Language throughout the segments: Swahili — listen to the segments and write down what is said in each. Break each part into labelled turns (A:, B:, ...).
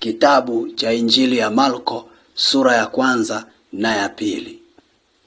A: Kitabu cha Injili ya Marko sura ya kwanza na ya pili.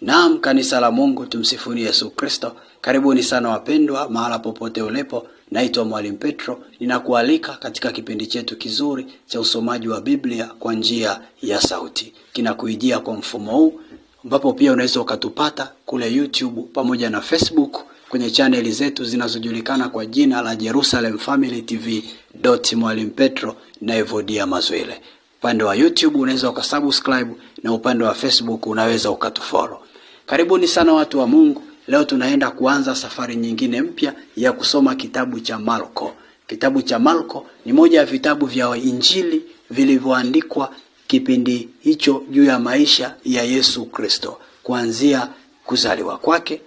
A: Naam, kanisa la Mungu, tumsifuni Yesu Kristo. Karibuni sana wapendwa, mahala popote ulipo. Naitwa Mwalimu Petro, ninakualika katika kipindi chetu kizuri cha usomaji wa Biblia kwa njia ya sauti. Kinakuijia kwa mfumo huu ambapo pia unaweza ukatupata kule YouTube pamoja na Facebook kwenye chaneli zetu zinazojulikana kwa jina la Jerusalem Family TV dot Mwalimu Petro na Evodia Mazwile. Upande wa YouTube unaweza ukasubscribe na upande wa Facebook unaweza ukatufollow. Karibuni sana watu wa Mungu. Leo tunaenda kuanza safari nyingine mpya ya kusoma kitabu cha Marko. Kitabu cha Marko ni moja ya vitabu vya Injili vilivyoandikwa kipindi hicho juu ya maisha ya Yesu Kristo kuanzia kuzaliwa kwake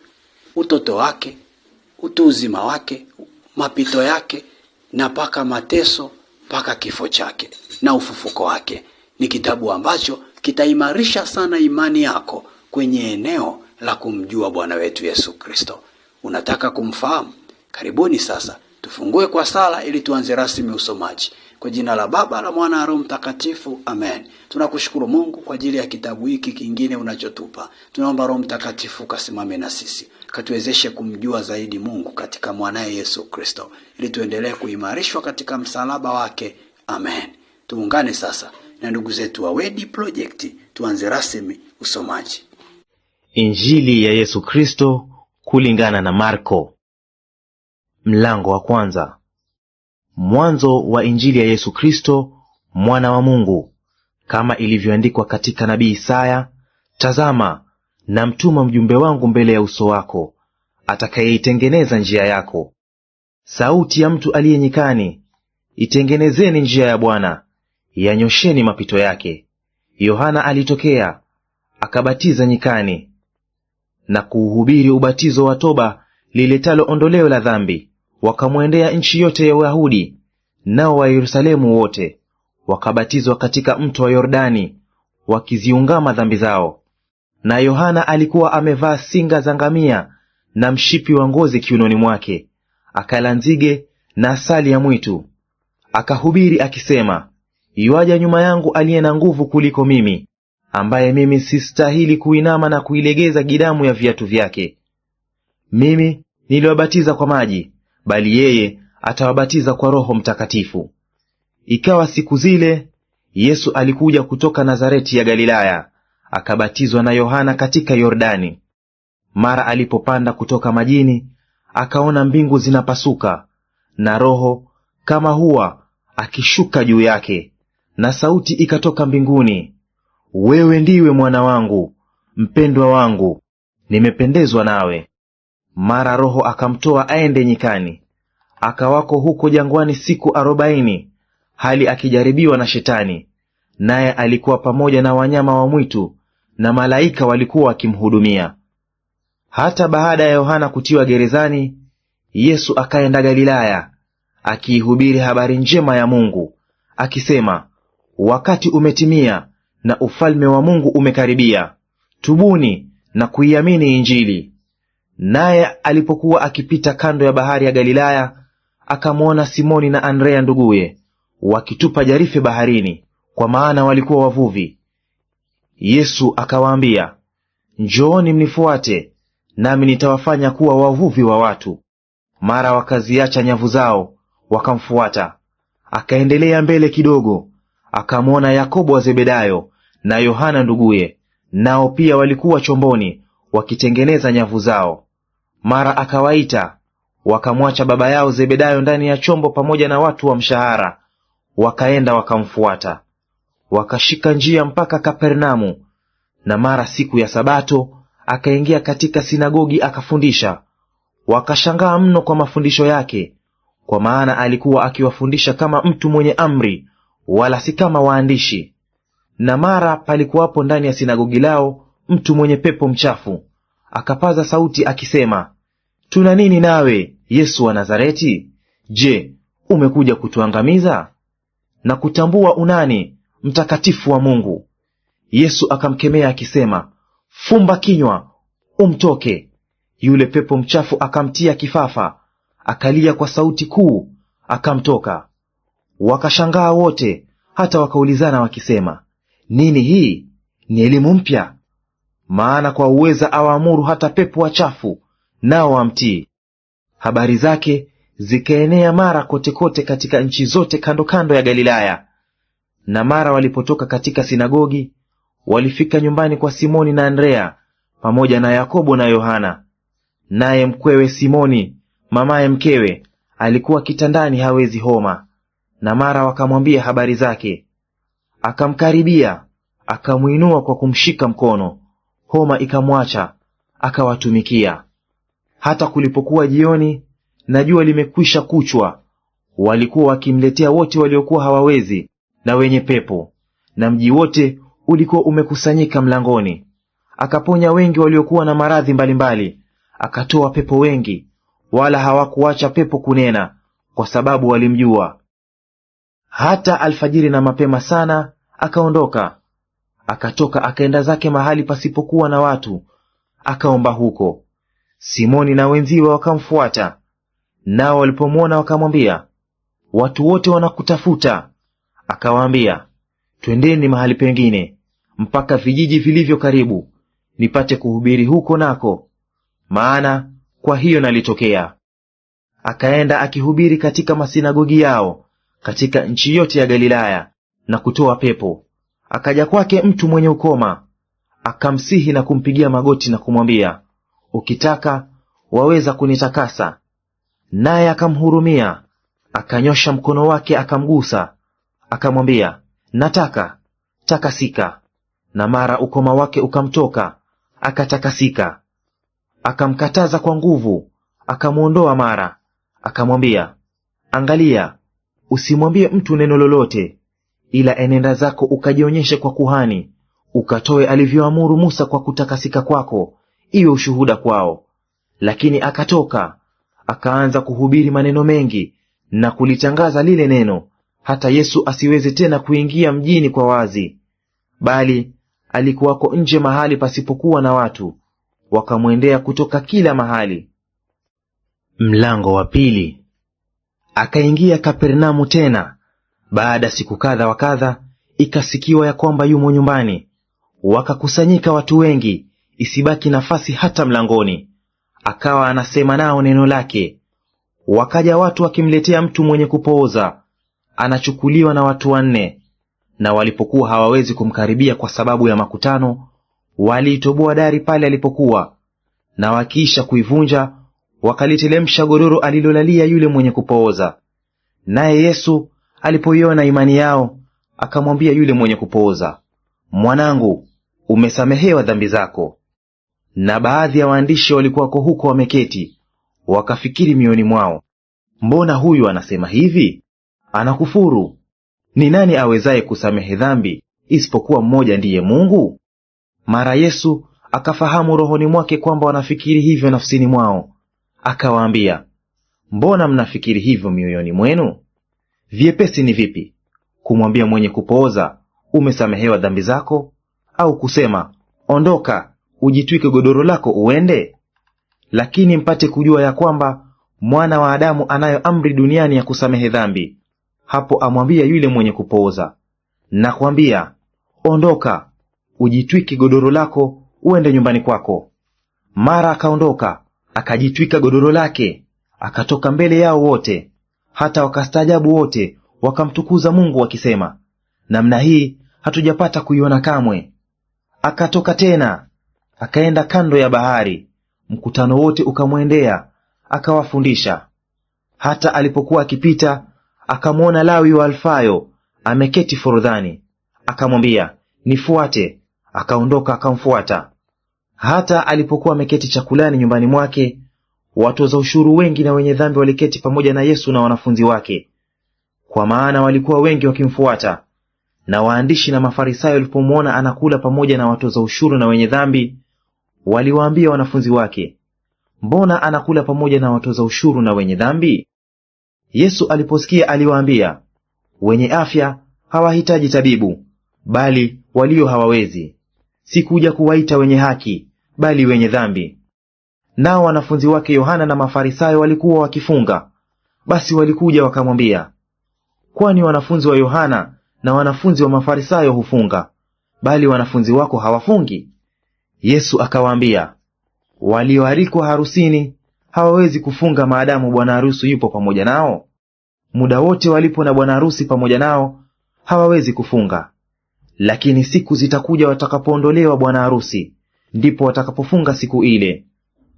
A: utoto wake, utu uzima wake, mapito yake na mpaka mateso mpaka kifo chake na ufufuko wake. Ni kitabu ambacho kitaimarisha sana imani yako kwenye eneo la kumjua Bwana wetu Yesu Kristo. Unataka kumfahamu? Karibuni sasa Tufungue kwa sala ili tuanze rasmi usomaji. Kwa jina la Baba la Mwana na Roho Mtakatifu, amen. Tunakushukuru Mungu kwa ajili ya kitabu hiki kingine unachotupa. Tunaomba Roho Mtakatifu kasimame na sisi, katuwezeshe kumjua zaidi Mungu katika mwanaye Yesu Kristo, ili tuendelee kuimarishwa katika msalaba wake, amen. Tuungane sasa na ndugu zetu wa Wedi Project, tuanze rasmi usomaji.
B: Injili ya Yesu Kristo kulingana na Marko. Mlango wa kwanza. Mwanzo wa Injili ya Yesu Kristo mwana wa Mungu, kama ilivyoandikwa katika nabii Isaya, tazama, namtuma mjumbe wangu mbele ya uso wako, atakayeitengeneza njia yako. Sauti ya mtu aliye nyikani, itengenezeni njia ya Bwana, yanyosheni mapito yake. Yohana alitokea akabatiza nyikani na kuuhubiri ubatizo wa toba liletalo ondoleo la dhambi wakamwendea nchi yote ya Uyahudi nao wa Yerusalemu wote, wakabatizwa katika mto wa Yordani, wakiziungama dhambi zao. Na Yohana alikuwa amevaa singa za ngamia na mshipi wa ngozi kiunoni mwake, akala nzige na asali ya mwitu. Akahubiri akisema, yuaja nyuma yangu aliye na nguvu kuliko mimi, ambaye mimi sistahili kuinama na kuilegeza gidamu ya viatu vyake. Mimi niliwabatiza kwa maji, bali yeye atawabatiza kwa Roho Mtakatifu. Ikawa siku zile Yesu alikuja kutoka Nazareti ya Galilaya akabatizwa na Yohana katika Yordani. Mara alipopanda kutoka majini, akaona mbingu zinapasuka na Roho kama hua akishuka juu yake, na sauti ikatoka mbinguni, wewe ndiwe mwana wangu mpendwa wangu, nimependezwa nawe. Mara Roho akamtoa aende nyikani, akawako huko jangwani siku arobaini, hali akijaribiwa na Shetani, naye alikuwa pamoja na wanyama wa mwitu na malaika walikuwa wakimhudumia. Hata baada ya Yohana kutiwa gerezani, Yesu akaenda Galilaya akiihubiri habari njema ya Mungu akisema, wakati umetimia na ufalme wa Mungu umekaribia, tubuni na kuiamini Injili. Naye alipokuwa akipita kando ya bahari ya Galilaya, akamwona Simoni na Andrea nduguye wakitupa jarife baharini, kwa maana walikuwa wavuvi. Yesu akawaambia, Njooni mnifuate, nami nitawafanya kuwa wavuvi wa watu. Mara wakaziacha nyavu zao wakamfuata. Akaendelea mbele kidogo, akamwona Yakobo wa Zebedayo na Yohana nduguye, nao pia walikuwa chomboni wakitengeneza nyavu zao. Mara akawaita wakamwacha baba yao Zebedayo ndani ya chombo pamoja na watu wa mshahara, wakaenda wakamfuata. Wakashika njia mpaka Kapernamu. Na mara siku ya Sabato akaingia katika sinagogi akafundisha. Wakashangaa mno kwa mafundisho yake, kwa maana alikuwa akiwafundisha kama mtu mwenye amri, wala si kama waandishi. Na mara palikuwapo ndani ya sinagogi lao mtu mwenye pepo mchafu, akapaza sauti akisema tuna nini nawe, Yesu wa Nazareti? Je, umekuja kutuangamiza? Na kutambua unani mtakatifu wa Mungu. Yesu akamkemea akisema, fumba kinywa, umtoke. Yule pepo mchafu akamtia kifafa, akalia kwa sauti kuu, akamtoka. Wakashangaa wote, hata wakaulizana wakisema, nini hii? Ni elimu mpya! Maana kwa uweza awaamuru hata pepo wachafu nao wamtii. Habari zake zikaenea mara kotekote katika nchi zote kando kando ya Galilaya. Na mara walipotoka katika sinagogi, walifika nyumbani kwa Simoni na Andrea pamoja na Yakobo na Yohana. Naye mkwewe Simoni, mamaye mkewe, alikuwa kitandani hawezi homa, na mara wakamwambia habari zake. Akamkaribia, akamwinua kwa kumshika mkono, homa ikamwacha, akawatumikia. Hata kulipokuwa jioni na jua limekwisha kuchwa, walikuwa wakimletea wote waliokuwa hawawezi na wenye pepo, na mji wote ulikuwa umekusanyika mlangoni. Akaponya wengi waliokuwa na maradhi mbalimbali, akatoa pepo wengi, wala hawakuacha pepo kunena, kwa sababu walimjua. Hata alfajiri na mapema sana akaondoka, akatoka akaenda zake mahali pasipokuwa na watu, akaomba huko. Simoni na wenziwe wakamfuata, nao walipomwona wakamwambia, watu wote wanakutafuta. Akawaambia, twendeni mahali pengine mpaka vijiji vilivyo karibu, nipate kuhubiri huko nako, maana kwa hiyo nalitokea. Akaenda akihubiri katika masinagogi yao katika nchi yote ya Galilaya na kutoa pepo. Akaja kwake mtu mwenye ukoma, akamsihi na kumpigia magoti na kumwambia Ukitaka waweza kunitakasa. Naye akamhurumia, akanyosha mkono wake, akamgusa, akamwambia, nataka, takasika. Na mara ukoma wake ukamtoka, akatakasika. Akamkataza kwa nguvu, akamwondoa mara, akamwambia, angalia, usimwambie mtu neno lolote, ila enenda zako ukajionyeshe kwa kuhani, ukatoe alivyoamuru Musa kwa kutakasika kwako iwe ushuhuda kwao. Lakini akatoka akaanza kuhubiri maneno mengi na kulitangaza lile neno, hata Yesu asiweze tena kuingia mjini kwa wazi, bali alikuwako nje mahali pasipokuwa na watu, wakamwendea kutoka kila mahali. Mlango wa pili. Akaingia Kapernaumu tena baada siku kadha wa kadha, ikasikiwa ya kwamba yumo nyumbani. Wakakusanyika watu wengi, isibaki nafasi hata mlangoni. Akawa anasema nao neno lake. Wakaja watu wakimletea mtu mwenye kupooza, anachukuliwa na watu wanne. Na walipokuwa hawawezi kumkaribia kwa sababu ya makutano, waliitoboa dari pale alipokuwa, na wakiisha kuivunja wakalitelemsha godoro alilolalia yule mwenye kupooza. Naye Yesu alipoiona imani yao, akamwambia yule mwenye kupooza, mwanangu, umesamehewa dhambi zako. Na baadhi ya waandishi walikuwako huko wameketi, wakafikiri mioyoni mwao, mbona huyu anasema hivi? Anakufuru. Ni nani awezaye kusamehe dhambi isipokuwa mmoja, ndiye Mungu? Mara Yesu akafahamu rohoni mwake kwamba wanafikiri hivyo nafsini mwao, akawaambia, mbona mnafikiri hivyo mioyoni mwenu? Vyepesi ni vipi kumwambia mwenye kupooza, umesamehewa dhambi zako, au kusema ondoka ujitwike godoro lako uende? Lakini mpate kujua ya kwamba mwana wa Adamu anayo amri duniani ya kusamehe dhambi. Hapo amwambia yule mwenye kupooza, nakwambia, ondoka, ujitwike godoro lako uende nyumbani kwako. Mara akaondoka akajitwika godoro lake, akatoka mbele yao wote, hata wakastaajabu wote, wakamtukuza Mungu wakisema, namna hii hatujapata kuiona kamwe. Akatoka tena akaenda kando ya bahari, mkutano wote ukamwendea akawafundisha. Hata alipokuwa akipita, akamwona Lawi wa Alfayo ameketi forodhani, akamwambia, nifuate. Akaondoka akamfuata. Hata alipokuwa ameketi chakulani nyumbani mwake, watoza ushuru wengi na wenye dhambi waliketi pamoja na Yesu na wanafunzi wake, kwa maana walikuwa wengi wakimfuata. Na waandishi na Mafarisayo walipomwona anakula pamoja na watoza ushuru na wenye dhambi, waliwaambia wanafunzi wake, mbona anakula pamoja na watoza ushuru na wenye dhambi? Yesu aliposikia aliwaambia, wenye afya hawahitaji tabibu, bali walio hawawezi. Sikuja kuwaita wenye haki, bali wenye dhambi. Nao wanafunzi wake Yohana na Mafarisayo walikuwa wakifunga. Basi walikuja wakamwambia, kwani wanafunzi wa Yohana na wanafunzi wa Mafarisayo hufunga, bali wanafunzi wako hawafungi? Yesu akawaambia, walioalikwa harusini hawawezi kufunga maadamu bwana harusi yupo pamoja nao. Muda wote walipo na bwana harusi pamoja nao hawawezi kufunga, lakini siku zitakuja watakapoondolewa bwana harusi, ndipo watakapofunga siku ile.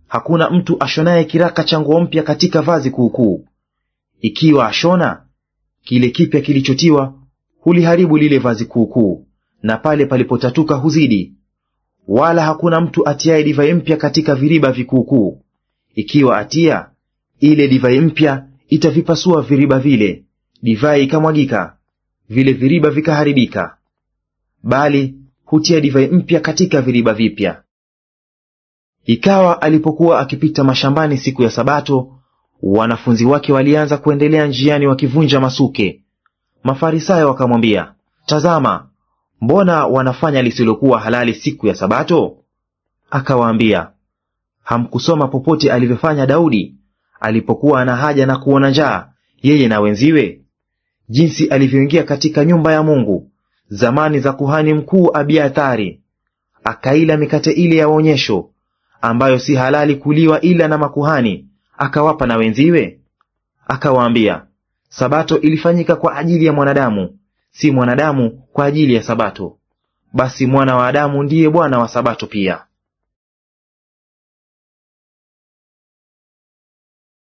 B: Hakuna mtu ashonaye kiraka cha nguo mpya katika vazi kuukuu; ikiwa ashona, kile kipya kilichotiwa huliharibu lile vazi kuukuu, na pale palipotatuka huzidi wala hakuna mtu atiaye divai mpya katika viriba vikuukuu; ikiwa atia, ile divai mpya itavipasua viriba vile, divai ikamwagika, vile viriba vikaharibika; bali hutia divai mpya katika viriba vipya. Ikawa alipokuwa akipita mashambani siku ya Sabato, wanafunzi wake walianza kuendelea njiani wakivunja masuke. Mafarisayo wakamwambia, Tazama, mbona wanafanya lisilokuwa halali siku ya Sabato? Akawaambia, hamkusoma popote alivyofanya Daudi alipokuwa ana haja na kuona njaa, yeye na wenziwe, jinsi alivyoingia katika nyumba ya Mungu zamani za kuhani mkuu Abiathari, akaila mikate ile ya uonyesho ambayo si halali kuliwa ila na makuhani, akawapa na wenziwe? Akawaambia, Sabato ilifanyika kwa ajili ya mwanadamu si mwanadamu kwa ajili ya sabato, basi mwana wa Adamu ndiye Bwana wa sabato pia.